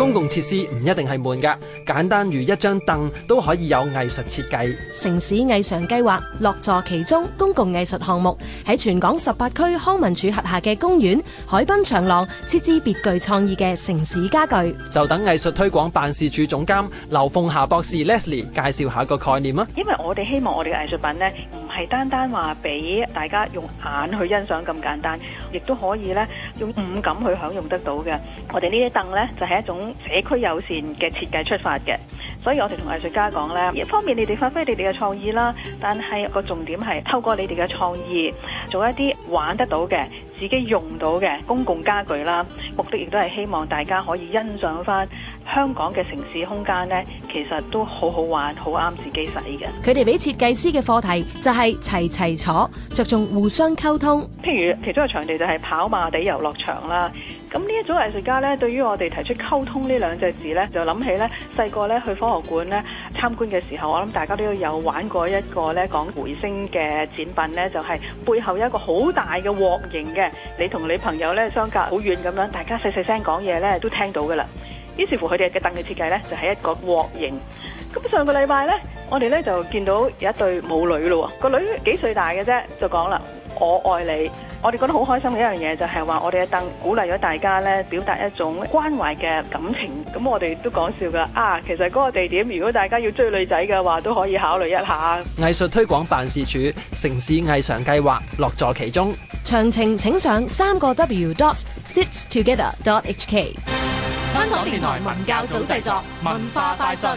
公共設施唔一定係悶㗎，簡單如一張凳都可以有藝術設計。城市藝術計劃落座其中，公共藝術項目喺全港十八區康文署轄下嘅公園、海濱長廊設置別具創意嘅城市家具。就等藝術推廣辦事處總監劉鳳霞博士 Leslie 介紹下個概念啦。因為我哋希望我哋嘅藝術品呢。唔係單單話俾大家用眼去欣賞咁簡單，亦都可以咧用五感去享用得到嘅。我哋呢啲凳咧就係一種社區友善嘅設計出發嘅，所以我哋同藝術家講咧，一方面你哋發揮你哋嘅創意啦，但係個重點係透過你哋嘅創意做一啲玩得到嘅。自己用到嘅公共家具啦，目的亦都係希望大家可以欣賞翻香港嘅城市空間咧，其實都好好玩，好啱自己使嘅。佢哋俾設計師嘅課題就係齊齊坐，着重互相溝通。譬如其中一個場地就係跑馬地遊樂場啦。咁呢一組藝術家咧，對於我哋提出溝通呢兩隻字咧，就諗起咧細個咧去科學館咧。參觀嘅時候，我諗大家都有玩過一個咧講回聲嘅展品咧，就係背後有一個好大嘅鑊形嘅，你同你朋友咧相隔好遠咁樣，大家細細聲講嘢咧都聽到噶啦。於是乎佢哋嘅凳嘅設計咧就係一個鑊形。咁上個禮拜咧，我哋咧就見到有一對母女咯，個女幾歲大嘅啫，就講啦，我愛你。我哋覺得好開心嘅一樣嘢就係話，我哋嘅凳鼓勵咗大家咧，表達一種關懷嘅感情。咁我哋都講笑噶，啊，其實嗰個地點，如果大家要追女仔嘅話，都可以考慮一下。藝術推廣辦事處城市藝裳計劃樂坐其中，詳情請上三個 W dot sits together dot hk。香港電台文教組製作文化快訊。